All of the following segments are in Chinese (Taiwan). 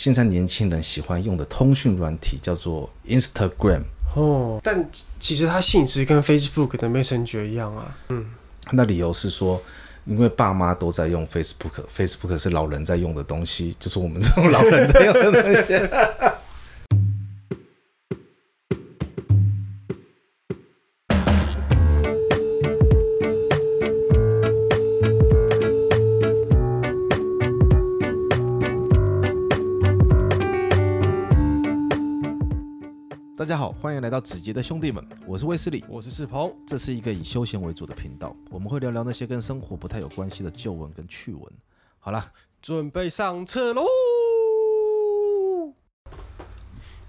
現在年輕人喜歡用的通訊軟體叫做 Instagram 哦，但其實它性質跟 Facebook 的 Messenger 一樣啊。嗯，那理由是說，因為爸媽都在用 Facebook，Facebook 是老人在用的東西，就是我們這種老人在用的東西。 好，歡迎來到子杰的兄弟們，我是衛斯理，我是世鵬，這是一個以休閒為主的頻道，我們會聊聊那些跟生活不太有關係的舊聞跟趣聞。好啦，準備上車嘍！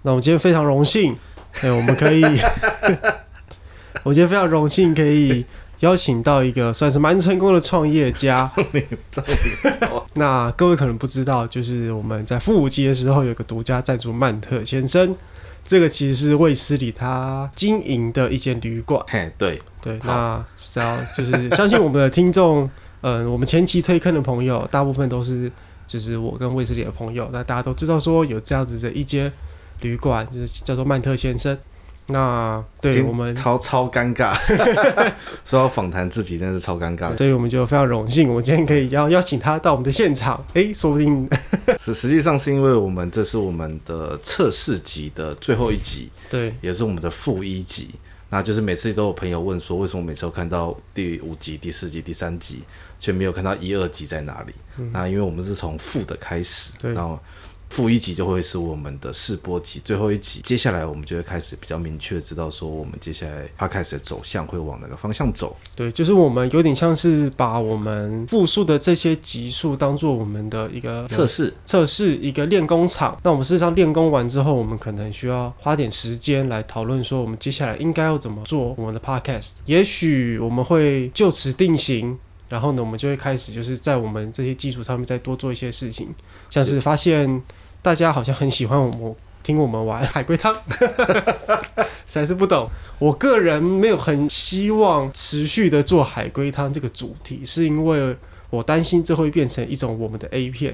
那我們今天非常榮幸，哦欸、我們可以， 我今天非常榮幸可以邀請到一個算是蠻成功的創業家。 那各位可能不知道，就是我們在負五集的時候有一個獨家贊助，曼特先生。這個其實是衛斯理他經營的一間旅館。對對，對好那相就是相信我們的聽眾，嗯、 呃，我們前期推坑的朋友，大部分都是就是我跟衛斯理的朋友，那大家都知道說有這樣子的一間旅館，就是叫做曼特先生。那對天我們超超尷尬， 說要訪談自己真的是超尷尬，所以我們就非常榮幸，我今天可以邀邀請他到我們的現場。哎，說不定 實實際上是因為我們這是我們的測試集的最後一集，嗯，對，也是我們的負一集。那就是每次都有朋友問說，為什麼每次都看到第五集、第四集、第三集，卻沒有看到一二集在哪裡？嗯，那因為我們是從負的開始，對然後。負一集就會是我們的試播集最後一集，接下來我們就會開始比較明確知道說我們接下來 Podcast 的走向會往哪個方向走。對，就是我們有點像是把我們複述的這些集數當做我們的一個測試，測試試一個練功場。那我們事實上練功完之後，我們可能需要花點時間來討論說我們接下來應該要怎麼做我們的 Podcast。也許我們會就此定型，然後呢，我們就會開始就是在我們這些基礎上面再多做一些事情，像是發現是。大家好像很喜歡我們聽我們玩海龜湯，實 在是不懂。我個人沒有很希望持續的做海龜湯這個主題，是因為我擔心這會變成一種我們的 A 片。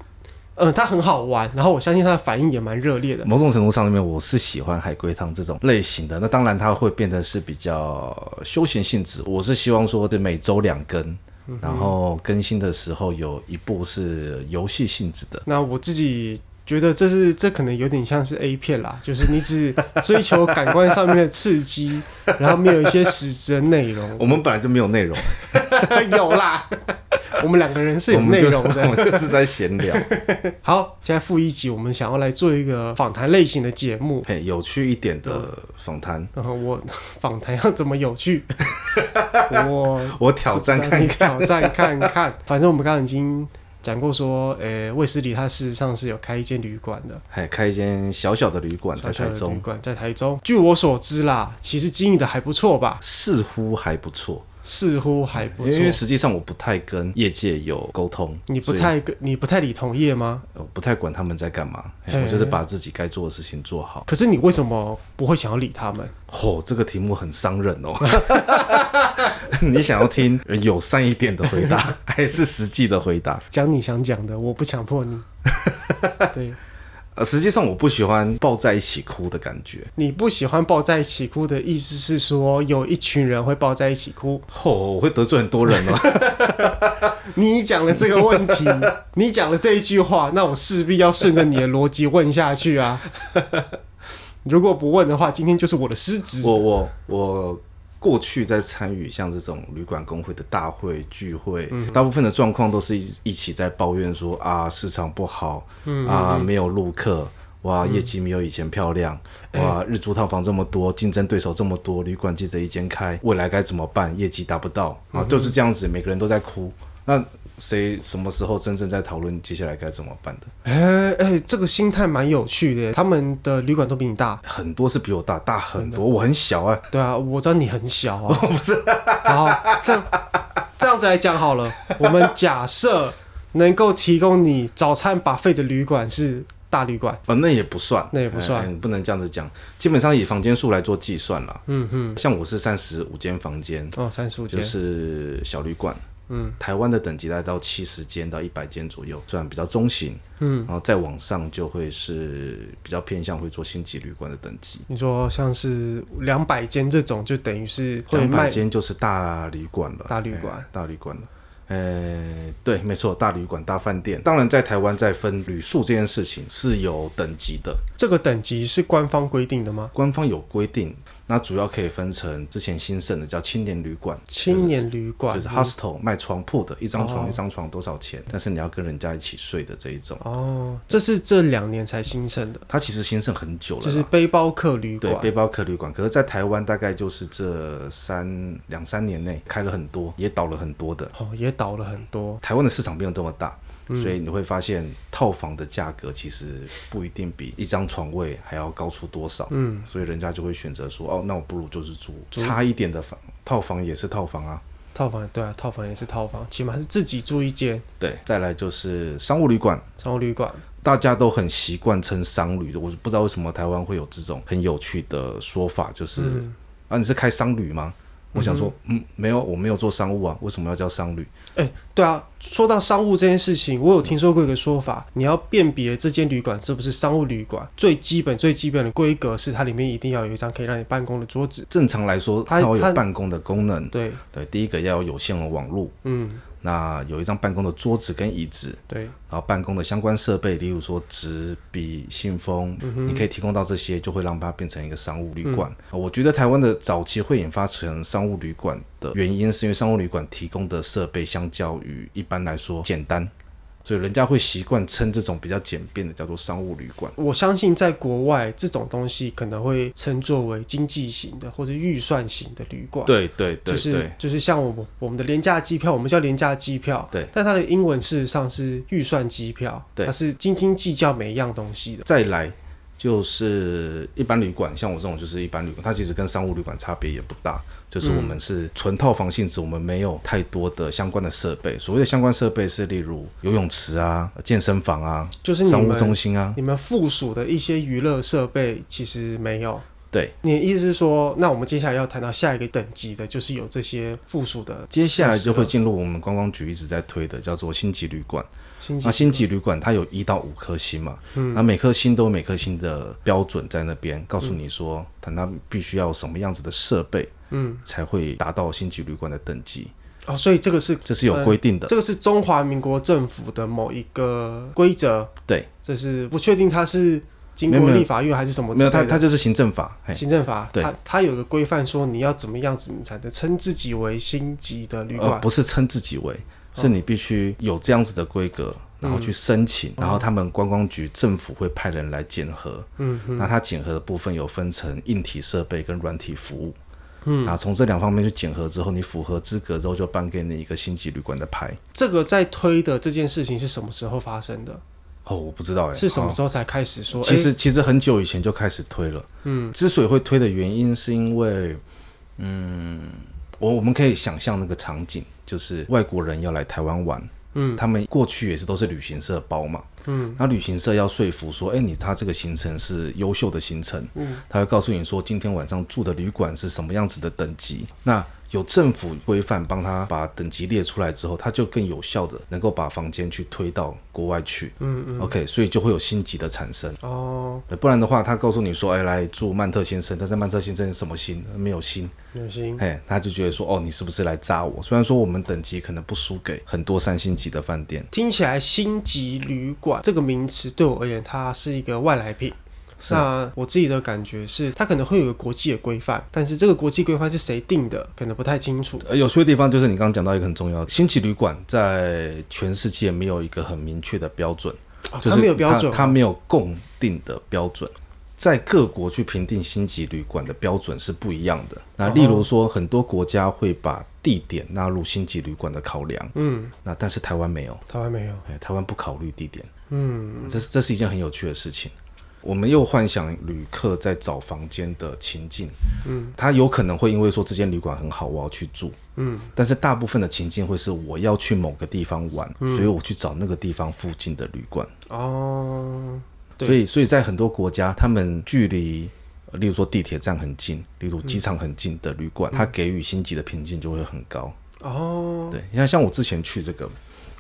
嗯、呃，它很好玩，然後我相信它的反應也蠻熱烈的。某種程度上面，我是喜歡海龜湯這種類型的。那當然，它會變得是比較休閒性質。我是希望說，這每周兩更，然後更新的時候有一部是遊戲性質的、嗯。那我自己。覺得這是這可能有點像是 A 片啦，就是你只追求感官上面的刺激， 然後沒有一些實質的內容。我們本來就沒有內容， 有啦，我們兩個人是有內容的，我們就是在閒聊。 好，現在負一集，我們想要來做一個訪談類型的節目，嘿，有趣一點的訪談。然後、呃、我訪談要怎麼有趣？ 我我，挑戰，我挑戰看看，挑戰看看，反正我們剛剛已經。講過說，誒、欸，衛斯理他事實上是有開一間旅館的，哎，開一間小小的旅館，在台中。小小的旅館在台中，據我所知啦，其實經營的還不錯吧？似乎還不錯。似乎還不錯，因為實際上我不太跟業界有溝通。你不太跟，以你不太理同業嗎？我不太管他們在幹嘛，欸、我就是把自己該做的事情做好。可是你為什麼不會想要理他們？哦，這個題目很傷人哦。 你想要聽友善一點的回答， 還是實際的回答？講你想講的，我不強迫你。 對。呃，實際上我不喜歡抱在一起哭的感覺。你不喜歡抱在一起哭的意思是說，有一群人會抱在一起哭？吼，我會得罪很多人嗎？你講了這個問題，你講了這一句話，那我勢必要順着你的邏輯問下去啊。如果不問的話，今天就是我的失職。我我我。過去在參與像這種旅館公會的大會聚會，嗯、哼大部分的狀況都是一起一起在抱怨說啊市場不好，嗯、哼啊沒有路客，哇、嗯、業績沒有以前漂亮，哇日租套房這麼多，競爭對手這麼多，旅館記者一間開，未來該怎麼辦？業績達不到啊，嗯、哼就是這樣子，每個人都在哭。那誰什麼時候真正在討論接下來該怎麼辦的？哎哎、欸欸，這個心態蠻有趣的。他們的旅館都比你大很多，是比我大大很多。的我很小啊，對啊，我知道你很小啊。我不是，好，這樣 這樣子來講好了。我們假設能夠提供你早餐 buffet 的旅館是大旅館、呃。那也不算，那也不算，欸欸、不能這樣子講。基本上以房間數來做計算了。嗯嗯哼像我是三十五間房間哦，三十五間就是小旅館。嗯，台灣的等級大概到七十間到一百間左右，算比較中型。嗯，然後再往上就會是比較偏向會做星級旅館的等級。你說像是兩百間這種，就等於是會賣兩百間就是大旅館了，大旅館、欸。大旅館，大旅館了。呃、欸，對，沒錯，大旅館、大飯店。當然，在台灣在分旅宿這件事情是有等級的。這個等級是官方規定的嗎？官方有規定。那主要可以分成之前興盛的叫青年旅館，青年旅館就是，就是 hostel，賣床鋪的，一張床一張床多少錢？哦，但是你要跟人家一起睡的這一種。哦，這是這兩年才興盛的。它其實興盛很久了，就是背包客旅館，對，背包客旅館。可是，在台灣大概就是這三兩三年內開了很多，也倒了很多的。哦，也倒了很多。台灣的市場沒有這麼大。嗯、所以你會發現，套房的價格其實不一定比一張床位還要高出多少。嗯，所以人家就會選擇說，哦，那我不如就是租差一點的房，套房也是套房啊。套房對啊，套房也是套房，起碼是自己住一間、嗯。對，再來就是商務旅館。商務旅館，大家都很習慣稱商旅的，我不知道為什麼台灣會有這種很有趣的說法，就是、嗯、啊，你是開商旅嗎？我想說，嗯，沒有，我沒有做商務啊，為什麼要叫商旅？哎、欸，對啊，說到商務這件事情，我有聽說過一個說法，嗯、你要辨別這間旅館是不是商務旅館，最基本、最基本的規格是它裡面一定要有一張可以讓你辦公的桌子。正常來說，它要有辦公的功能。對對，第一個要有有線的網路。嗯。那有一張辦公的桌子跟椅子，對，然後辦公的相關設備，例如說紙、筆、信封，嗯、哼你可以提供到這些，就會讓它變成一個商務旅館。嗯、我覺得台灣的早期會演化成商務旅館的原因，是因為商務旅館提供的設備相較於一般來說簡單。所以人家會習慣稱這種比較簡便的叫做商務旅館。我相信在國外，這種東西可能會稱作為經濟型的或者預算型的旅館。對，對對對，就是就是像我們我們的廉價機票，我們叫廉價機票，對但它的英文事實上是預算機票，對它是斤斤計較每一樣東西的。再來。就是一般旅館，像我這種就是一般旅館，它其實跟商務旅館差別也不大。就是我們是純套房性質，我們沒有太多的相關的設備。所謂的相關設備是例如游泳池啊、健身房啊、就是商務中心啊，你們附屬的一些娛樂設備其實沒有。對你意思是說，那我們接下來要談到下一個等級的，就是有這些附屬的設施的，接下來就會進入我們觀光局一直在推的，叫做星級旅館。那星級旅館它有一到五顆星嘛，那、嗯啊、每顆星都有每顆星的標準在那邊，告訴你說、嗯、它那必須要什麼樣子的設備，嗯，才會達到星級旅館的等級。哦，所以這個是這是有規定的，嗯、這個是中華民國政府的某一個規則。對，這是不確定它是經過立法院還是什麼？沒有，沒有，它它就是行政法，行政法，對它它有個規範說你要怎麼樣子你才能稱自己為星級的旅館、呃，不是稱自己為。但是你必須有這樣子的規格，然後去申請，嗯、然後他們觀光局政府會派人來檢核。嗯，嗯，那他檢核的部分有分成硬體設備跟軟體服務。嗯，然後從這兩方面去檢核之後，你符合資格之後就頒給你一個星級旅館的牌。這個在推的這件事情是什麼時候發生的？哦，我不知道哎、欸，是什麼時候才開始說？哦、欸、其實其實很久以前就開始推了。嗯，之所以會推的原因是因為，嗯，我我們可以想象那個場景。就是外國人要來台灣玩，嗯，他們過去也是都是旅行社包嘛，嗯，那旅行社要說服說，哎、欸，你他這個行程是優秀的行程，嗯，他會告訴你說，今天晚上住的旅館是什麼樣子的等級，那，有政府規範幫他把等級列出來之後，他就更有效的能夠把房間去推到國外去。嗯嗯。嗯 OK，所以就會有星級的產生。哦。不然的話，他告訴你說，哎、欸，來住曼特先生，但是曼特先生是什麼星？呃，沒有星。沒有星。哎，他就覺得說，哦，你是不是來扎我？雖然說我們等級可能不輸給很多三星級的飯店。聽起來星級旅館這個名詞對我而言，它是一個外來品。是啊，我自己的感覺是，它可能會有一個國際的規範，但是這個國際規範是誰定的，可能不太清楚。呃，有趣的地方就是你剛剛講到一個很重要的，星級旅館在全世界沒有一個很明確的標準，哦、就是它沒有標準，它沒有共定的標準，在各國去評定星級旅館的標準是不一樣的。那例如說，很多國家會把地點納入星級旅館的考量，嗯，那但是台灣沒有，台灣沒有，台灣不考慮地點，嗯，這是這是一件很有趣的事情。我們又幻想旅客在找房間的情境，嗯，他有可能會因為說這間旅館很好，我要去住，嗯，但是大部分的情境會是我要去某個地方玩，嗯，所以我去找那個地方附近的旅館哦，所以所以在很多國家，他們距離，例如說地鐵站很近，例如機場很近的旅館，他，嗯，給予星級的評鑑就會很高哦，對，你看像我之前去這個，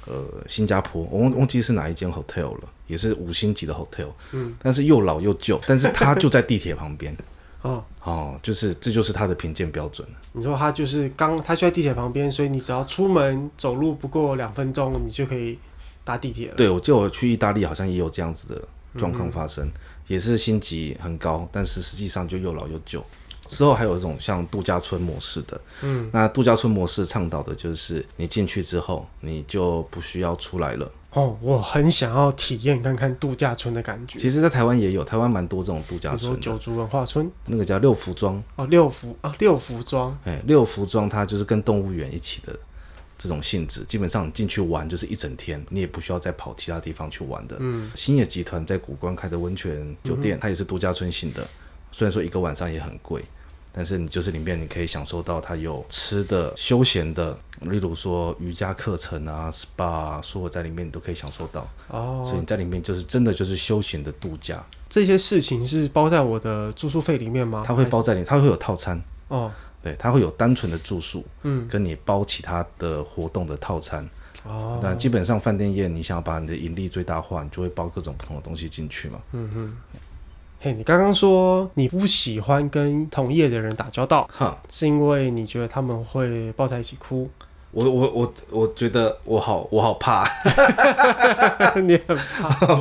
呃，新加坡，我忘記是哪一間 hotel 了。也是五星級的 hotel，嗯，但是又老又舊，但是它就在地鐵旁邊， 哦哦，就是這就是它的評鑑標準。你說它就是剛它就在地鐵旁邊，所以你只要出門走路不過兩分鐘，你就可以搭地鐵了。對，我記得我去意大利好像也有這樣子的狀況發生，嗯、哼也是星級很高，但是實際上就又老又舊。之後還有一種像度假村模式的，嗯，那度假村模式倡導的就是你進去之後，你就不需要出來了。哦，我很想要體驗看看度假村的感覺。其實，在台灣也有，台灣蠻多這種度假村，比如九族文化村，那個叫六福莊。哦，六福啊，六福莊。哎，六福莊它就是跟動物園一起的這種性質，基本上你進去玩就是一整天，你也不需要再跑其他地方去玩的。嗯，星野集團在谷關開的溫泉酒店，嗯、它也是度假村型的，雖然說一個晚上也很貴。但是你就是裡面，你可以享受到它有吃的、休閒的，例如說瑜伽課程啊、SPA 啊、所有在裡面你都可以享受到哦。Oh, okay. 所以你在裡面就是真的就是休閒的度假。這些事情是包在我的住宿費裡面嗎？它會包在裡，它會有套餐哦。Oh. 對它會有單純的住宿，嗯，跟你包其他的活動的套餐哦。那、Oh. 基本上飯店業，你想把你的盈利最大化，你就會包各種不同的東西進去嘛。嗯嗯。嘿，hey, 你剛剛說你不喜歡跟同業的人打交道，哈哼，是因為你覺得他們會抱在一起哭？我我我我覺得我好我好怕， 你很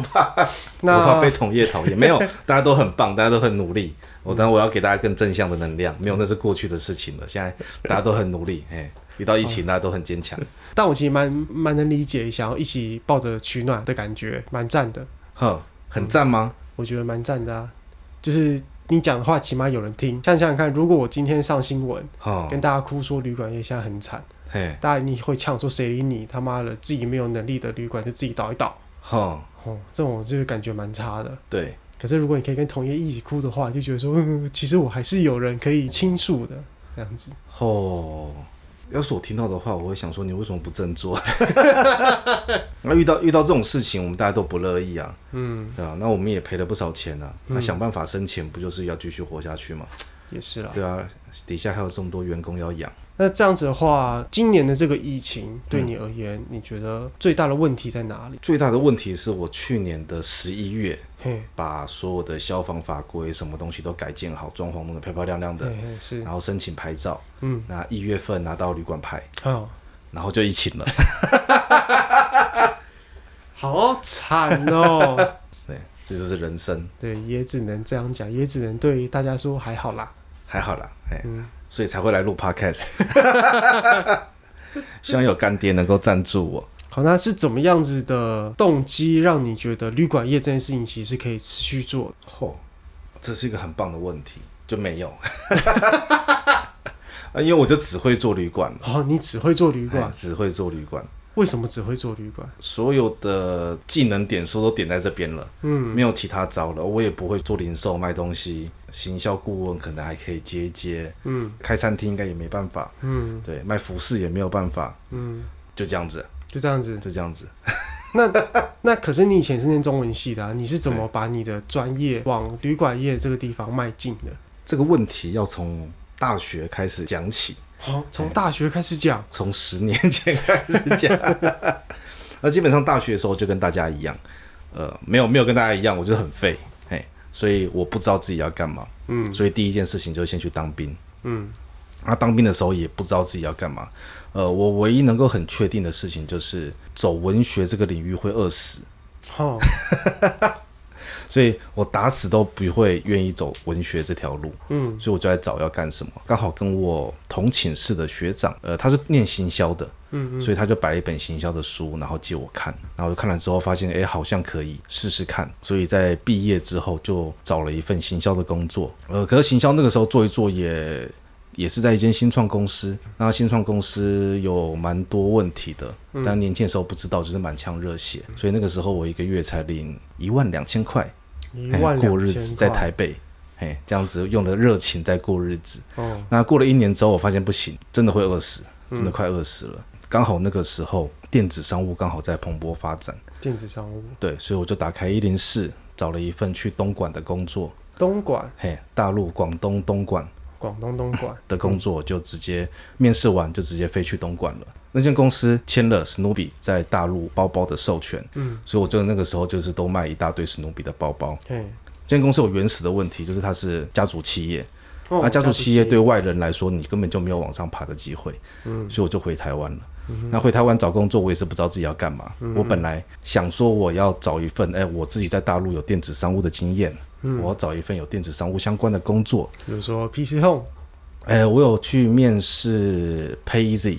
怕，那我怕被同業討厭。 沒有，大家都很棒，大家都很努力。嗯、我等下我要給大家更正向的能量。沒有，那是過去的事情了。現在大家都很努力，哎， 遇到一起大家都很堅強、哦。但我其實蠻蠻能理解想要一起抱着取暖的感覺，蠻贊的。哼，很贊嗎？嗯我覺得蠻讚的啊，就是你講的話起碼有人聽。想想看，如果我今天上新聞，哦、跟大家哭說旅館業現在很慘，嘿大家你會嗆說誰理你？他媽的，自己沒有能力的旅館就自己倒一倒。哦哦、這種就是感覺蠻差的。對。可是如果你可以跟同業一起哭的話，就覺得說，呵呵其實我還是有人可以傾訴的這樣子。哦。要是我聽到的話，我會想說你為什麼不振作？那、 嗯、遇到遇到這種事情，我們大家都不樂意啊，嗯，對吧、啊？那我們也賠了不少錢呢、啊，嗯、那想辦法生錢，不就是要繼續活下去嗎？也是啊，對啊，底下還有這麼多員工要養。那這樣子的話，今年的這個疫情對你而言，嗯、你覺得最大的問題在哪裡？最大的問題是我去年的十一月，嘿把所有的消防法規什麼東西都改建好，裝潢弄得漂漂亮亮的，嘿嘿然後申請牌照，嗯，那一月份拿到旅館牌，哦、然後就疫情了， 好慘哦，對，這就是人生，對，也只能這樣講，也只能對大家說還好啦，還好啦，所以才會來錄 Podcast， 希望有乾爹能夠贊助我。好，那是怎麼樣子的動機，讓你覺得旅館業這件事情其實是可以持續做的？哦，這是一個很棒的問題，就沒有，啊， 因為我就只會做旅館。哦，你只會做旅館，只會做旅館。為什麼只會做旅館？所有的技能點數都點在這邊了，嗯，沒有其他招了。我也不會做零售賣東西，行銷顧問可能還可以接一接，嗯，開餐廳應該也沒辦法，嗯，對，賣服飾也沒有辦法，嗯，就這樣子，就這樣子，就這樣子。 那那可是你以前是念中文系的啊，你是怎麼把你的專業往旅館業這個地方邁進的？這個問題要從大學開始講起。好，從、哦、大學開始講，從、欸、十年前開始講。 那基本上大學的時候就跟大家一樣，呃，沒有沒有跟大家一樣，我就很廢，嘿、欸，所以我不知道自己要幹嘛。嗯，所以第一件事情就是先去當兵。嗯，那、啊、當兵的時候也不知道自己要幹嘛。呃，我唯一能夠很確定的事情就是走文學這個領域會餓死。哦 所以我打死都不會願意走文學這條路，嗯，所以我就在找要幹什麼，剛好跟我同寢室的學長，呃，他是念行銷的，嗯嗯，所以他就擺了一本行銷的書，然後借我看，然後我就看了之後發現，哎、欸，好像可以試試看，所以在畢業之後就找了一份行銷的工作，呃，可是行銷那個時候做一做也也是在一間新創公司，那新創公司有蠻多問題的，但年輕的時候不知道，就是滿腔熱血，所以那個時候我一個月才領一萬兩千塊。兩欸、過日子在台北，嘿、欸，這樣子用了熱情在過日子。哦、那過了一年之後，我發現不行，真的會餓死，真的快餓死了。剛、嗯、好那個時候電子商務剛好在蓬勃發展，電子商務對，所以我就打開一零四，找了一份去東莞的工作。東莞，嘿、欸，大陸廣東東莞，廣東東莞 的工作、嗯、就直接面試完就直接飛去東莞了。那間公司簽了史努比在大陸包包的授權，嗯，所以我覺得那個時候就是都賣一大堆史努比的包包。對嘿，這間公司有原始的問題，就是它是家族企業，那、哦啊、家族企業對外人來說，你根本就沒有往上爬的機會，嗯，所以我就回台灣了。嗯、哼那回台灣找工作，我也是不知道自己要幹嘛。嗯、哼我本來想說我要找一份、哎，我自己在大陸有電子商務的經驗，嗯、我要找一份有電子商務相關的工作，比如說 PC Home。哎、我有去面試 PayEasy。Z,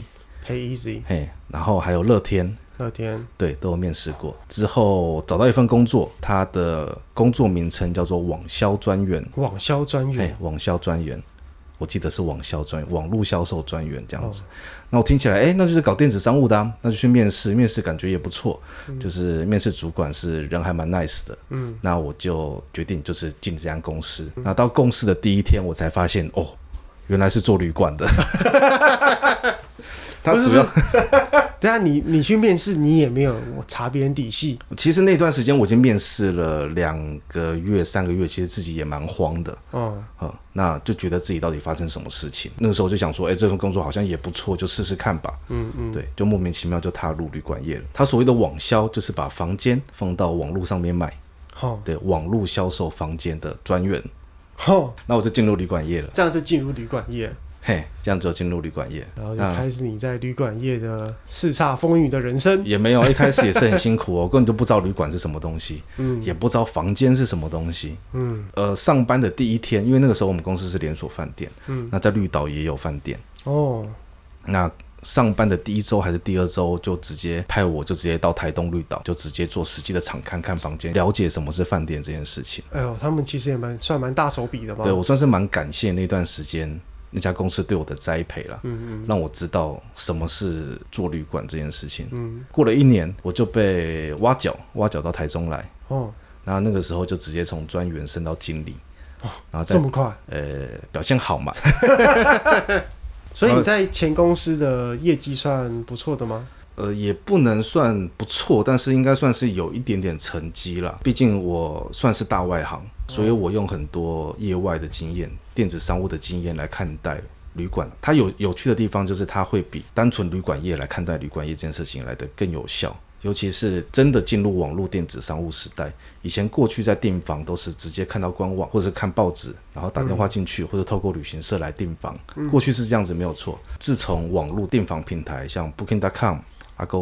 A E Z 嘿，hey, hey, 然後還有樂天，樂天，對，都有面試過。之後找到一份工作，他的工作名稱叫做網銷專員，網銷專員，hey, 網銷專員，我記得是網銷專，網絡銷售專員這樣子。哦、那我聽起來，哎、欸，那就是搞電子商務的、啊，那就去面試，面試感覺也不錯，嗯、就是面試主管是人還蠻 nice 的，嗯，那我就決定就是進了這家公司。嗯、那到公司的第一天，我才發現，哦，原來是做旅館的。 他主要， 等下你你去面試，你也沒有我查別人底細。其實那段時間我已經面試了兩個月、三個月，其實自己也蠻慌的。哦、嗯，那就覺得自己到底發生什麼事情？那個時候我就想說，哎、欸，這份工作好像也不錯，就試試看吧。嗯嗯，嗯對，就莫名其妙就踏入旅館業了。他所謂的網銷就是把房間放到網絡上面賣。哦，對，網絡銷售房間的專員。哦，那我就進入旅館業了。這樣就進入旅館業。嘿，這樣就進入旅館業，然後就開始你在旅館業的叱咤風雲的人生。嗯，也沒有，一開始也是很辛苦哦， 根本就不知道旅館是什麼東西，嗯，也不知道房間是什麼東西，嗯，呃，上班的第一天，因為那個時候我們公司是連鎖飯店，嗯，那在綠島也有飯店哦。那上班的第一周還是第二周，就直接派我就直接到台東綠島，就直接做實際的場，看看房間，了解什麼是飯店這件事情。哎呦，他們其實也蠻算蠻大手筆的吧？對，我算是蠻感謝那段時間，那家公司對我的栽培了，嗯嗯，讓我知道什麼是做旅館這件事情。嗯，過了一年，我就被挖角，挖角到台中來。哦，那那個時候就直接從專員升到經理。哦，然後這麼快？呃，表現好嘛。 所以你在前公司的業績算不錯的嗎？呃，也不能算不錯，但是應該算是有一點點成績了。畢竟我算是大外行。所以，我用很多業外的經驗，電子商務的經驗來看待旅館。它有有趣的地方，就是它會比單純旅館業來看待旅館業這件事情來得更有效。尤其是真的進入網絡電子商務時代，以前過去在訂房都是直接看到官網，或者是看報紙，然後打電話進去，嗯、或者透過旅行社來訂房。嗯、過去是這樣子，沒有錯。自從網絡訂房平台，像 Booking.com Ag、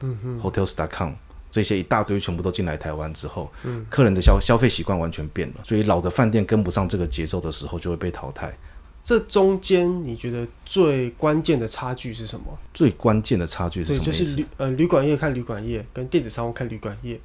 嗯哼、Agoda、Hotels.com。這些一大堆全部都進來台灣之後，嗯、客人的消消費習慣完全變了，所以老的飯店跟不上這個節奏的時候，就會被淘汰。這中間你覺得最關鍵的差距是什麼？最關鍵的差距是什麼意思？對，就是旅呃旅館業看旅館業跟電子商務看旅館業，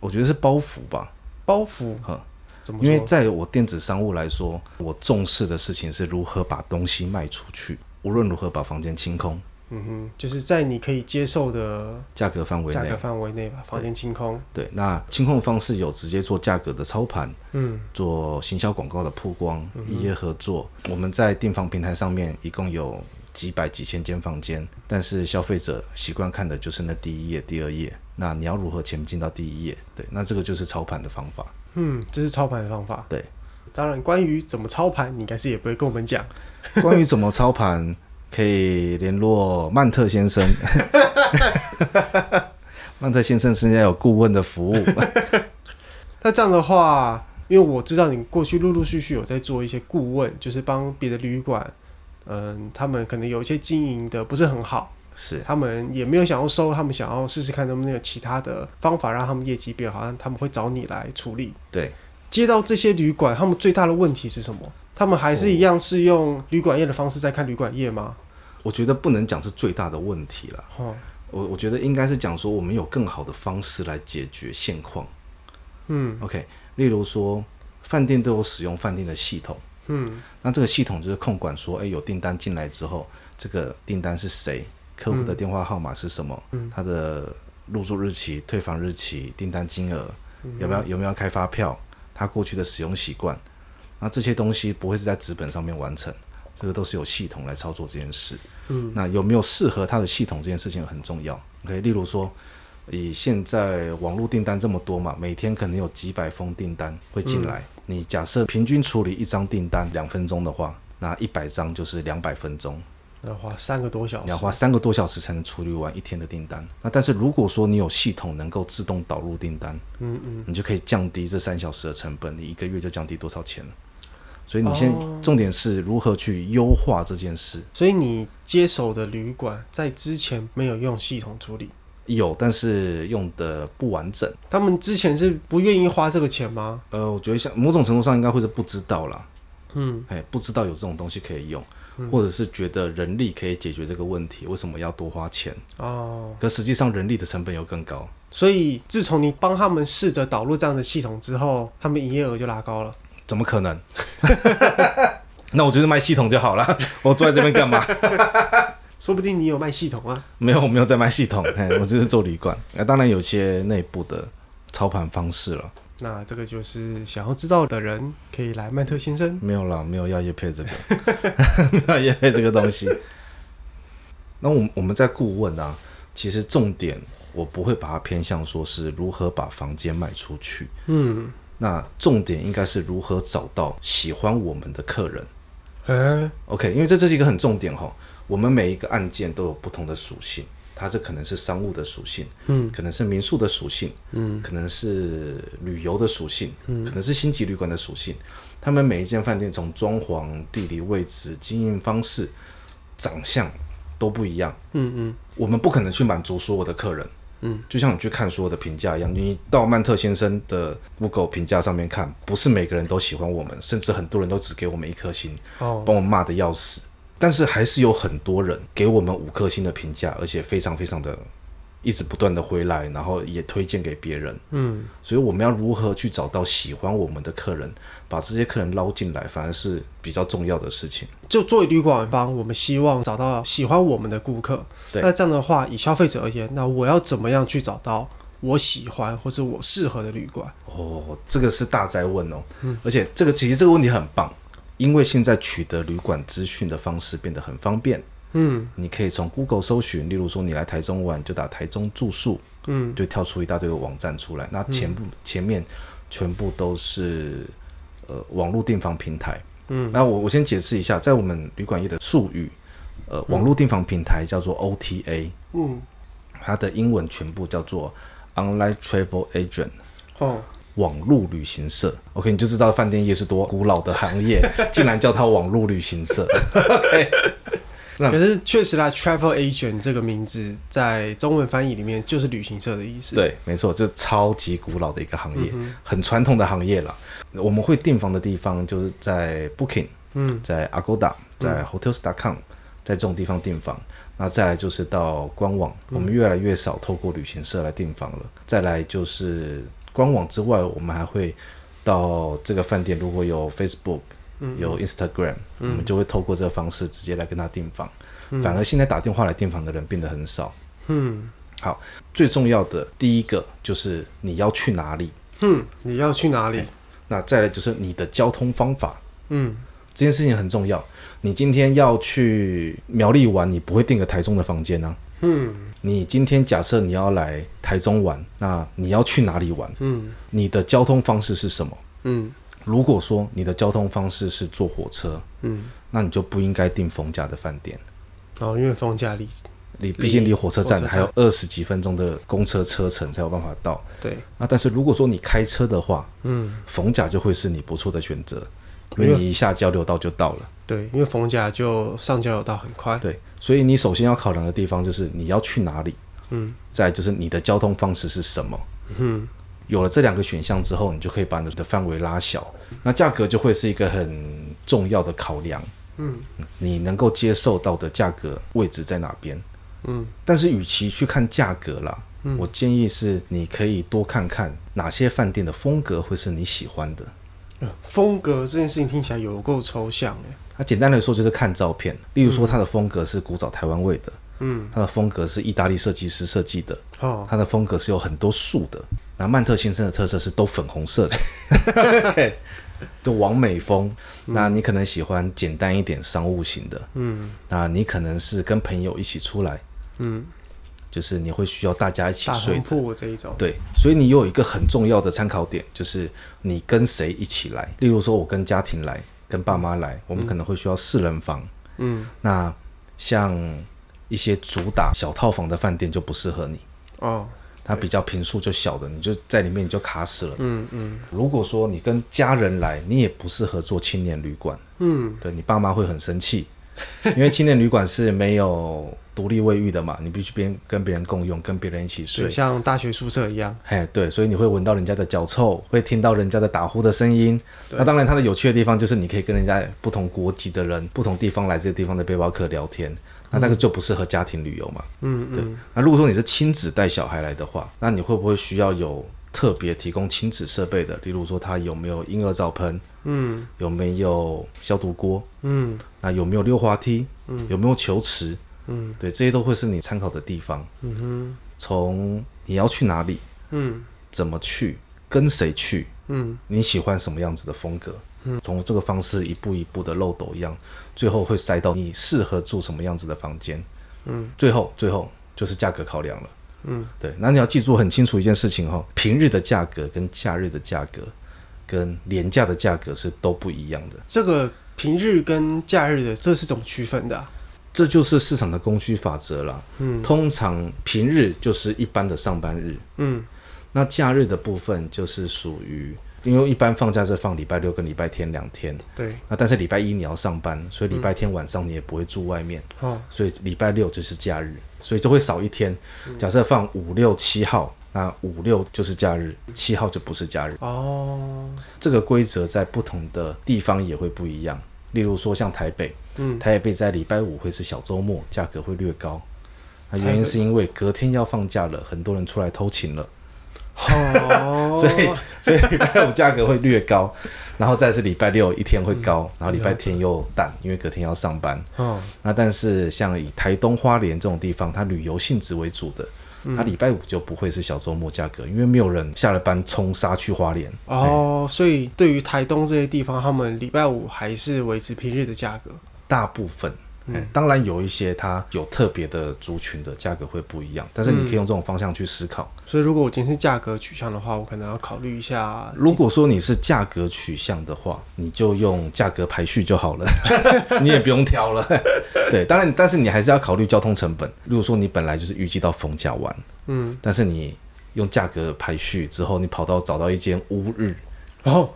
我覺得是包袱吧，包袱。哈呵，因為在我電子商務來說，我重視的事情是如何把東西賣出去，無論如何把房間清空。嗯哼，就是在你可以接受的價格範圍內，價格範圍內吧，房間清空對。對，那清空方式有直接做價格的操盤，嗯，做行銷廣告的曝光，嗯、哼異業合作。我們在訂房平台上面一共有幾百幾千間房間，但是消費者習慣看的就是那第一頁、第二頁。那你要如何前進到第一頁？對，那這個就是操盤的方法。嗯，這是操盤的方法。對，當然，關於怎麼操盤，你應該是也不會跟我們講。關於怎麼操盤？ 可以聯絡曼特先生， 曼特先生現在有顧問的服務。 那這樣的話，因為我知道你過去陸陸續續有在做一些顧問，就是幫別的旅館，嗯、呃，他們可能有一些經營的不是很好，是他們也沒有想要收，他們想要試試看能不能有其他的方法讓他們業績變好，他們會找你來處理。對，接到這些旅館，他們最大的問題是什麼？他們還是一樣是用旅館業的方式在看旅館業嗎？哦，我覺得不能講是最大的問題了。哦，我我覺得應該是講說，我們有更好的方式來解決現況。嗯，OK，例如說飯店都有使用飯店的系統。嗯，那這個系統就是控管說，誒、欸、有訂單進來之後，這個訂單是誰？客戶的電話號碼是什麼？嗯、他的入住日期、退房日期、訂單金額、嗯、有沒有有沒有開發票？他過去的使用習慣。那這些東西不會是在紙本上面完成，這個都是由系統來操作這件事。嗯，那有沒有適合它的系統這件事情很重要。OK，例如說，以現在網絡訂單這麼多嘛，每天可能有幾百封訂單會進來。嗯，你假設平均處理一張訂單兩分鐘的話，那一百張就是兩百分鐘，要花三個多小時，你要花三個多小時才能處理完一天的訂單。那但是如果說你有系統能夠自動導入訂單，嗯嗯，你就可以降低這三小時的成本，你一個月就降低多少錢了？所以你先重點是如何去優化這件事？哦。所以你接手的旅館在之前沒有用系統處理？有，但是用的不完整。他們之前是不願意花這個錢嗎？呃，我覺得像某種程度上應該會是不知道啦。嗯，哎，不知道有這種東西可以用，或者是覺得人力可以解決這個問題，為什麼要多花錢？哦，可實際上人力的成本又更高。所以自從你幫他們試着導入這樣的系統之後，他們營業額就拉高了。怎麼可能？ 那我就是賣系統就好了。我坐在這邊幹嘛？ 說不定你有賣系統啊？沒有，我沒有在賣系統。嘿，我就是做旅館。那、啊、當然有些內部的操盤方式了。那這個就是想要知道的人可以來曼特先生。沒有了，沒有要業配這個，要 業配這個東西。那我們我們在顧問啊，其實重點我不會把它偏向說是如何把房間賣出去。嗯。那重點應該是如何找到喜歡我們的客人，哎，欸，OK，因為這這是一個很重點哈。我們每一個案件都有不同的屬性，它這可能是商務的屬性，嗯，可能是民宿的屬性，嗯，可能是旅遊的屬性，嗯，可能是星級旅館的屬性。他們每一間飯店從裝潢、地理位置、經營方式、長相都不一樣，嗯嗯，我們不可能去滿足所有的客人。嗯，就像你去看所有的評價一樣，你到曼特先生的 Google 評價上面看，不是每個人都喜歡我們，甚至很多人都只給我們一顆星，哦，把我罵得要死，但是還是有很多人給我們五顆星的評價，而且非常非常的。一直不斷的回來，然後也推薦給別人。嗯，所以我們要如何去找到喜歡我們的客人，把這些客人撈進來，反而是比較重要的事情。就作為旅館方，我們希望找到喜歡我們的顧客。對，那這樣的話，以消費者而言，那我要怎麼樣去找到我喜歡或是我適合的旅館？哦，這個是大哉問哦。嗯，而且這個其實這個問題很棒，因為現在取得旅館資訊的方式變得很方便。嗯，你可以從 Google 搜尋，例如說你來台中玩，就打台中住宿，嗯，就跳出一大堆的網站出來。那前部、嗯、前面全部都是呃網絡訂房平台，嗯，那我我先解釋一下，在我們旅館業的術語，呃，網絡訂房平台叫做 OTA，嗯，它的英文全部叫做 Online Travel Agent，哦，網絡旅行社。OK，你就知道飯店業是多古老的行業， 竟然叫它網絡旅行社。 okay 那可是確實啦，travel agent 這個名字在中文翻譯裡面就是旅行社的意思。對，沒錯，就超級古老的一個行業，嗯、哼很傳統的行業了。我們會訂房的地方就是在 Booking，嗯，在 Agoda，在 Hotels.com，在這種地方訂房。那、嗯、再來就是到官網，我們越來越少透過旅行社來訂房了。嗯、再來就是官網之外，我們還會到這個飯店如果有 Facebook。有 Instagram，我、嗯嗯、們就會透過這個方式直接來跟他訂房。嗯、反而現在打電話來訂房的人變得很少。嗯，好，最重要的第一個就是你要去哪裡？嗯，你要去哪裡、欸？那再來就是你的交通方法。嗯，這件事情很重要。你今天要去苗栗玩，你不會訂個台中的房間呢、啊？嗯，你今天假設你要來台中玩，那你要去哪裡玩？嗯，你的交通方式是什麼？嗯。如果說你的交通方式是坐火車，嗯，那你就不應該訂逢甲的飯店。哦，因為逢甲離離，畢竟離火車站，火車站還有二十幾分鐘的公車車程才有辦法到。對。啊，但是如果說你開車的話，嗯，逢甲就會是你不錯的選擇，因為，因為你一下交流道就到了。對，因為逢甲就上交流道很快。對，所以你首先要考量的地方就是你要去哪裡，嗯，再就是你的交通方式是什麼，嗯。嗯有了這兩個選項之後，你就可以把你的範圍拉小，那價格就會是一個很重要的考量。嗯，你能夠接受到的價格位置在哪邊？嗯，但是與其去看價格啦，嗯，我建議是你可以多看看哪些飯店的風格會是你喜歡的。風格這件事情聽起來有夠抽象耶。那簡單來說就是看照片，例如說它的風格是古早台灣味的。嗯，它的風格是意大利設計師設計的。哦，它的風格是有很多樹的。那曼特先生的特色是都粉紅色的，就 王美風。嗯、那你可能喜歡簡單一點商務型的。嗯，那你可能是跟朋友一起出來。嗯，就是你會需要大家一起睡，大床鋪這一種。對，所以你有一個很重要的參考點，就是你跟誰一起來。例如說，我跟家庭來，跟爸媽來，嗯、我們可能會需要四人房。嗯，那像。一些主打小套房的飯店就不適合你哦，它比較坪數就小的，你就在裡面你就卡死了。嗯嗯。嗯，如果說你跟家人來，你也不適合做青年旅館。嗯。對，你爸媽會很生氣，因為青年旅館是沒有獨立衛浴的嘛，你必須邊跟別人共用，跟別人一起睡，就像大學宿舍一樣。嘿，對，所以你會聞到人家的腳臭，會聽到人家的打呼的聲音。對那當然，它的有趣的地方就是你可以跟人家不同國籍的人，不同地方來這個地方的背包客聊天。嗯、那那個就不適合家庭旅遊嘛。嗯，對。那如果說你是親子帶小孩來的話，那你會不會需要有特別提供親子設備的？例如說，它有沒有嬰兒澡盆？嗯，有沒有消毒鍋？嗯，那有沒有溜滑梯？嗯，有沒有球池？嗯，對，這些都會是你參考的地方。嗯哼，從你要去哪裡？嗯，怎麼去？跟誰去？嗯，你喜歡什麼樣子的風格？嗯，從這個方式一步一步的漏斗一樣，最後會塞到你適合住什麼樣子的房間。嗯，最，最後最後就是價格考量了。嗯，對，那你要記住很清楚一件事情哦：平日的價格跟假日的價格，跟連假的價格是都不一樣的。這個平日跟假日的這是怎麼區分的啊？這就是市場的供需法則啦。嗯，通常平日就是一般的上班日。嗯，那假日的部分就是屬於。因為一般放假是放禮拜六跟禮拜天兩天，對，那但是禮拜一你要上班，所以禮拜天晚上你也不會住外面，哦、嗯，所以禮拜六就是假日，所以就會少一天。假設放五六七號，那五六就是假日，七號就不是假日。哦，這個規則在不同的地方也會不一樣。例如說像台北，嗯，台北在禮拜五會是小週末，價格會略高，那原因是因為隔天要放假了，台北，很多人出來偷情了。哦， 所以所以禮拜五價格會略高， 然後再是禮拜六一天會高，嗯、然後禮拜天又淡，嗯 okay、因為隔天要上班。哦、嗯，那但是像以台東花蓮這種地方，它旅遊性質為主的，它禮拜五就不會是小週末價格，因為沒有人下了班衝殺去花蓮。哦，所以對於台東這些地方，他們禮拜五還是維持平日的價格，大部分。當然有一些它有特別的族群的價格會不一樣，但是你可以用這種方向去思考。嗯，所以如果我今天價格取向的話，我可能要考慮一下。如果說你是價格取向的話，你就用價格排序就好了， 你也不用挑了。 對，當然，但是你還是要考慮交通成本。如果說你本來就是預計到逢甲玩，嗯，但是你用價格排序之後，你跑到找到一間烏日。然後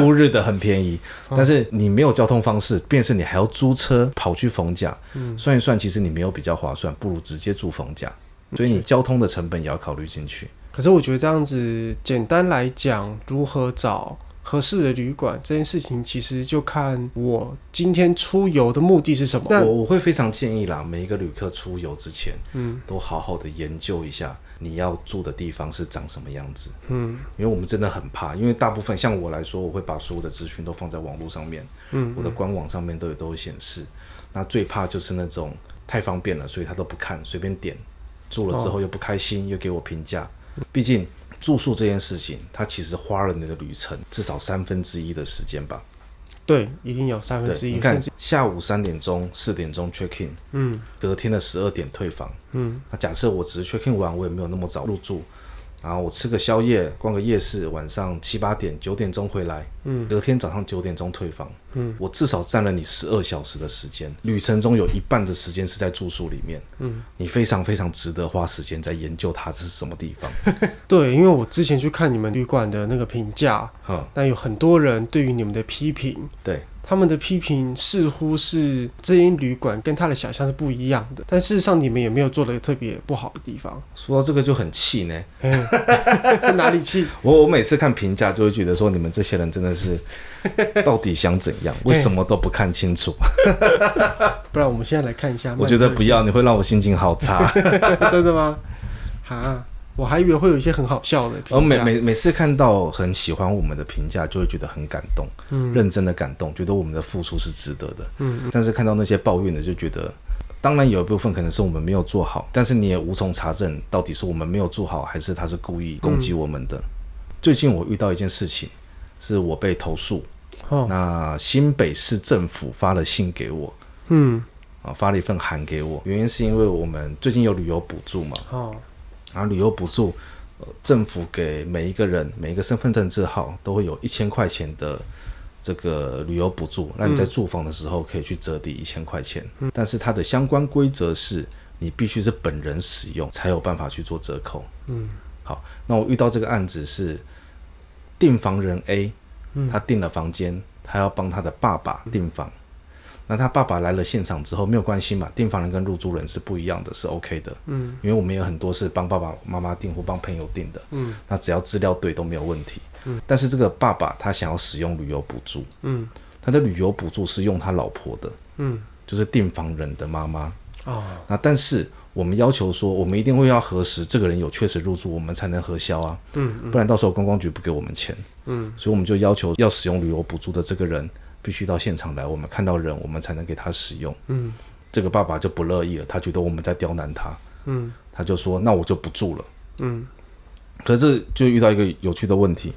烏日的很便宜， 但是你沒有交通方式，便是你還要租車跑去逢甲，嗯、算一算，其實你沒有比較划算，不如直接住逢甲。所以你交通的成本也要考慮進去。可是我覺得這樣子，簡單來講，如何找合適的旅館這件事情，其實就看我今天出遊的目的是什麼？那我我會非常建議啦，每一個旅客出遊之前，嗯，都好好的研究一下。你要住的地方是長什麼樣子？嗯，因為我們真的很怕，因為大部分像我來說，我會把所有的資訊都放在網絡上面，嗯，我的官網上面都有，都會顯示。那最怕就是那種太方便了，所以他都不看，隨便點，住了之後又不開心，又給我評價。畢竟住宿這件事情，它其實花了你的旅程至少三分之一的時間吧。對，一定有三分之一。你看，至下午三點鐘、四點鐘 check in，嗯，隔天的十二點退房，嗯，那假設我只是 check in 完，我也沒有那麼早入住。然後我吃個宵夜，逛個夜市，晚上七八點、九點鐘回來，嗯，隔天早上九點鐘退房，嗯，我至少占了你十二小時的時間。旅程中有一半的時間是在住宿裡面，嗯，你非常非常值得花時間在研究它這是什麼地方。 對，因為我之前去看你們旅館的那個評價，哈，但有很多人對於你們的批評，對。他們的批評似乎是這間旅館跟他的想象是不一樣的，但事實上你們也沒有做的特別不好的地方。說到這個就很氣呢、欸， 哪裡氣？我我每次看評價就會覺得說你們這些人真的是到底想怎樣？ 為什麼都不看清楚、欸？ 不然我們現在來看一下。我覺得不要，你會讓我心情好差。 真的嗎？啊。我還以為會有一些很好笑的，而、哦、每每每次看到很喜歡我們的評價，就會覺得很感動，嗯，認真的感動，覺得我們的付出是值得的。嗯，但是看到那些抱怨的，就覺得，當然有一部分可能是我們沒有做好，但是你也無從查證，到底是我們沒有做好，還是他是故意攻擊我們的。嗯、最近我遇到一件事情，是我被投訴，哦、那新北市政府發了信給我，嗯，啊、哦，發了一份函給我，原因是因為我們最近有旅遊補助嘛，哦。然後旅遊補助，呃，政府給每一個人、每一個身份證字號都會有一千塊錢的這個旅遊補助，那、嗯、你在住房的時候可以去折抵一千塊錢。嗯，但是它的相關規則是你必須是本人使用才有辦法去做折扣。嗯，好，那我遇到這個案子是訂房人 A，他訂了房間，他要幫他的爸爸訂房。嗯嗯那他爸爸來了現場之後沒有關係嘛，訂房人跟入住人是不一樣的，是 OK 的。嗯，因為我們也有很多是幫爸爸媽媽訂或幫朋友訂的。嗯，那只要資料對都沒有問題。嗯，但是這個爸爸他想要使用旅遊補助。嗯，他的旅遊補助是用他老婆的。嗯，就是訂房人的媽媽。哦，好好，那但是我們要求說，我們一定會要核實這個人有確實入住，我們才能核銷啊。嗯，嗯，不然到時候觀光局不給我們錢。嗯，所以我們就要求要使用旅遊補助的這個人。必須到現場來，我們看到人，我們才能給他使用。嗯，這個爸爸就不樂意了，他覺得我們在刁難他。嗯，他就說：“那我就不住了。”嗯，可是就遇到一個有趣的問題：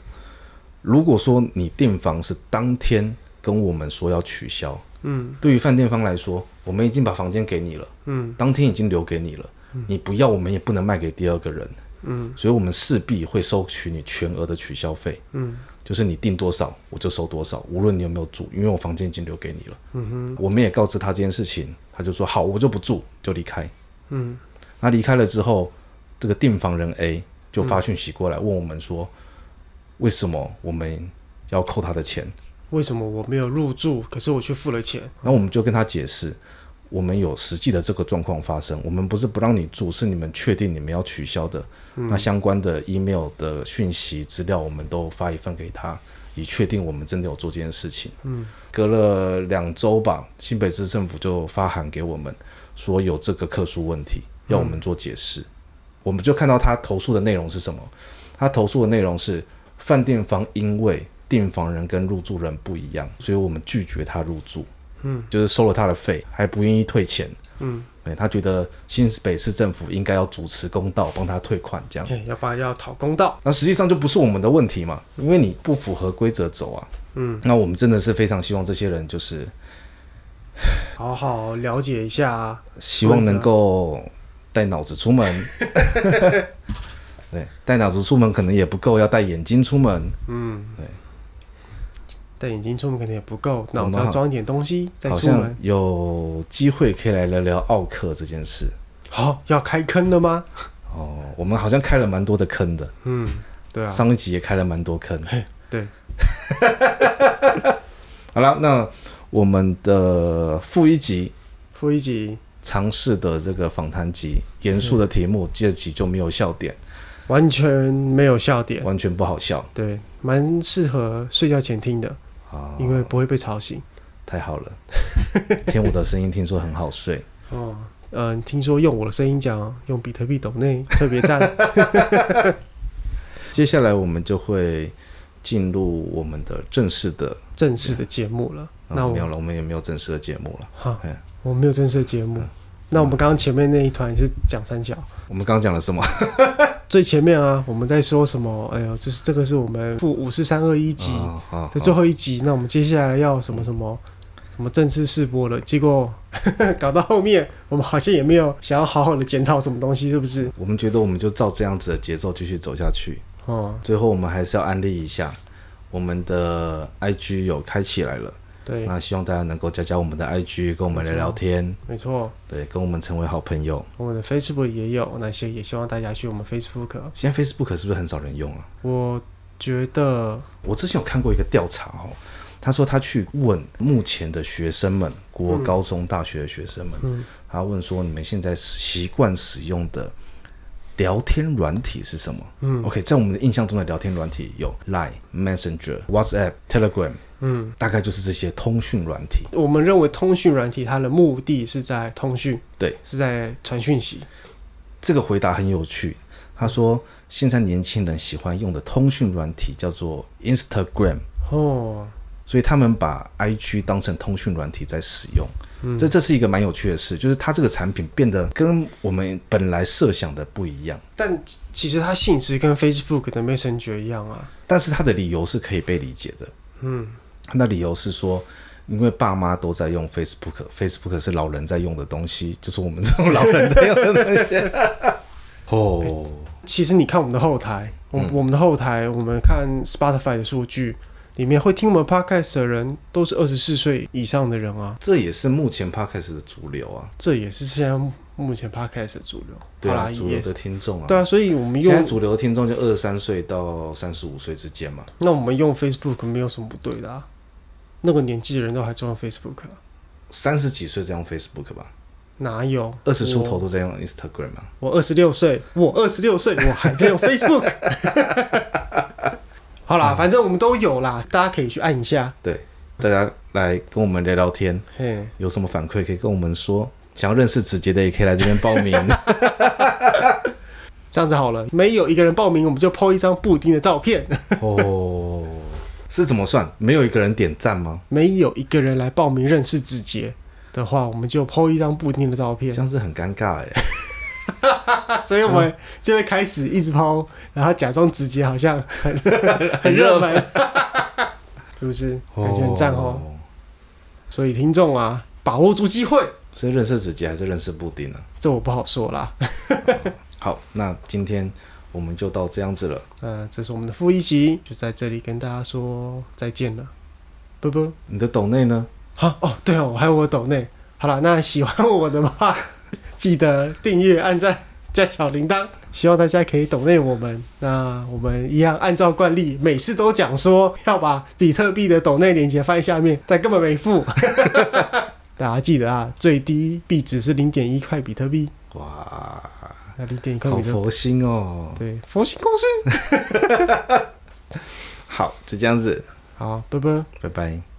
如果說你訂房是當天跟我們說要取消，嗯，對於飯店方來說，我們已經把房間給你了，嗯，當天已經留給你了，嗯，你不要，我們也不能賣給第二個人。嗯，所以，我們勢必會收取你全額的取消費。嗯，就是你訂多少，我就收多少，無論你有沒有住，因為我房間已經留給你了。嗯哼，我們也告知他這件事情，他就說好，我就不住，就離開。嗯，那離開了之後，這個訂房人 A 就發訊息過來問我們說，為什麼我們要扣他的錢？為什麼我沒有入住，可是我卻付了錢？那我們就跟他解釋。我們有實際的這個狀況發生，我們不是不讓你住，是你們確定你們要取消的。嗯，那相關的 email 的訊息資料，我們都發一份給他，以確定我們真的有做這件事情。嗯，隔了兩周吧，新北市政府就發函給我們，說有這個客訴問題，要我們做解釋。嗯，我們就看到他投訴的內容是什麼？他投訴的內容是飯店方因為訂房人跟入住人不一樣，所以我們拒絕他入住。嗯，就是收了他的費，還不願意退錢。嗯、欸，他覺得新北市政府應該要主持公道，幫他退款，這樣。要不然要討公道。那實際上就不是我們的問題嘛，嗯、因為你不符合規則走啊。嗯，那我們真的是非常希望這些人就是、嗯、呵好好了解一下、啊，希望能夠帶腦子出門。 對，帶腦子出門可能也不夠，要帶眼睛出門。嗯，對。但眼睛出門肯定也不夠，那我們要裝點東西再出門。好像有機會可以來聊聊奧客這件事。好、哦，要開坑了嗎？哦，我們好像開了蠻多的坑的。嗯，對啊。上一集也開了蠻多坑。嘿對。 好了，那我們的負一集，負一集嘗試的這個訪談集，嚴肅的題目，嗯、這集就沒有笑點，完全沒有笑點，完全不好笑。對，蠻適合睡覺前聽的。因為不會被吵醒。哦，太好了。聽我的聲音， 聽說很好睡哦。嗯、呃，聽說用我的聲音講，用比特幣斗內特別讚。 接下來我們就會進入我們的正式的正式的節目了。嗯、那我沒有了，我們也沒有正式的節目了。哈，嘿我沒有正式的節目。嗯、那我們剛剛前面那一團也是講三角。嗯、我們剛剛講了什麼？ 最前面啊，我們在說什麼？哎呦，這、就是這個是我們負五四三二一集的、哦哦、最後一集。哦、那我們接下來要什麼什麼什麼正式試播了？結果呵呵搞到後面，我們好像也沒有想要好好的檢討什麼東西，是不是？我們覺得我們就照這樣子的節奏繼續走下去。哦，最後我們還是要安利一下，我們的 IG 有開起來了。對，那希望大家能夠加加我們的 IG，跟我們聊聊天。沒錯。對，跟我們成為好朋友。我們的 Facebook 也有，那些也希望大家去我們 Facebook。現在 Facebook 是不是很少人用啊？我覺得我之前有看過一個調查哦，他說他去問目前的學生們，國高中大學的學生們，嗯，他問說你們現在習慣使用的聊天軟體是什麼？嗯，OK，在我們的印象中的聊天軟體有 Line、Messenger、WhatsApp、Telegram。嗯，大概就是這些通訊軟體。我們認為通訊軟體它的目的是在通訊，對，是在傳訊息。這個回答很有趣。他說，現在年輕人喜歡用的通訊軟體叫做 Instagram 哦，所以他們把 I G 當成通訊軟體在使用。嗯，這這是一個蠻有趣的事，就是它這個產品變得跟我們本來設想的不一樣。但其實它性質跟 Facebook 的 Messenger 一樣啊。但是它的理由是可以被理解的。嗯。那理由是說，因為爸媽都在用 Facebook，Facebook 是老人在用的東西，就是我們這種老人在用的東西。哦、 oh, 欸，其實你看我們的後台，我、嗯、我們的後台，我們看 Spotify 的數據，裡面會聽我們 Podcast 的人都是二十四歲以上的人啊。嗯、這也是目前 Podcast 的主流啊。這也是現在目前 Podcast 的主流、啊，對啊，啦 yes, 主流的聽眾啊。對啊，所以我們用現在主流的聽眾就二十三歲到三十五歲之間嘛。那我們用 Facebook 沒有什麼不對的。啊。嗯。那個年紀的人都還在用 Facebook，三十幾歲在用 Facebook 吧？哪有？二十出頭都在用 Instagram。啊，我二十六歲，我二十六歲，我還在用 Facebook。 好啦，反正我們都有啦，嗯、大家可以去按一下。對，大家來跟我們聊聊天， 有什麼反饋可以跟我們說。想要認識子杰的也可以來這邊報名。 這樣子好了，沒有一個人報名，我們就 po 一張布丁的照片。哦。Oh. 是怎麼算？沒有一個人點讚嗎？沒有一個人來報名認識子杰的話，我們就 po 一張布丁的照片。這樣是很尷尬哎， 所以我們就會開始一直 po，然後假裝子杰好像很 很熱門， 是不是？感覺很讚哦。Oh. 所以聽眾啊，把握住機會。是認識子杰還是認識布丁呢、啊？這我不好說啦。 oh. 好，那今天，我們就到這樣子了，呃，這是我們的負一集，就在這裡跟大家說再見了，啵啵不。你的斗內呢？好哦，對哦，我還有我斗內。好了，那喜歡我的話，記得訂閱、按讚、加小鈴鐺。希望大家可以斗內我們。那我們一樣按照慣例，每次都講說要把比特幣的斗內連接放在下面，但根本沒付。 大家記得啊，最低幣值是零點一塊比特幣。哇。啊、好佛心哦，對，佛心公司， 好，就這樣子，好，拜拜，拜拜。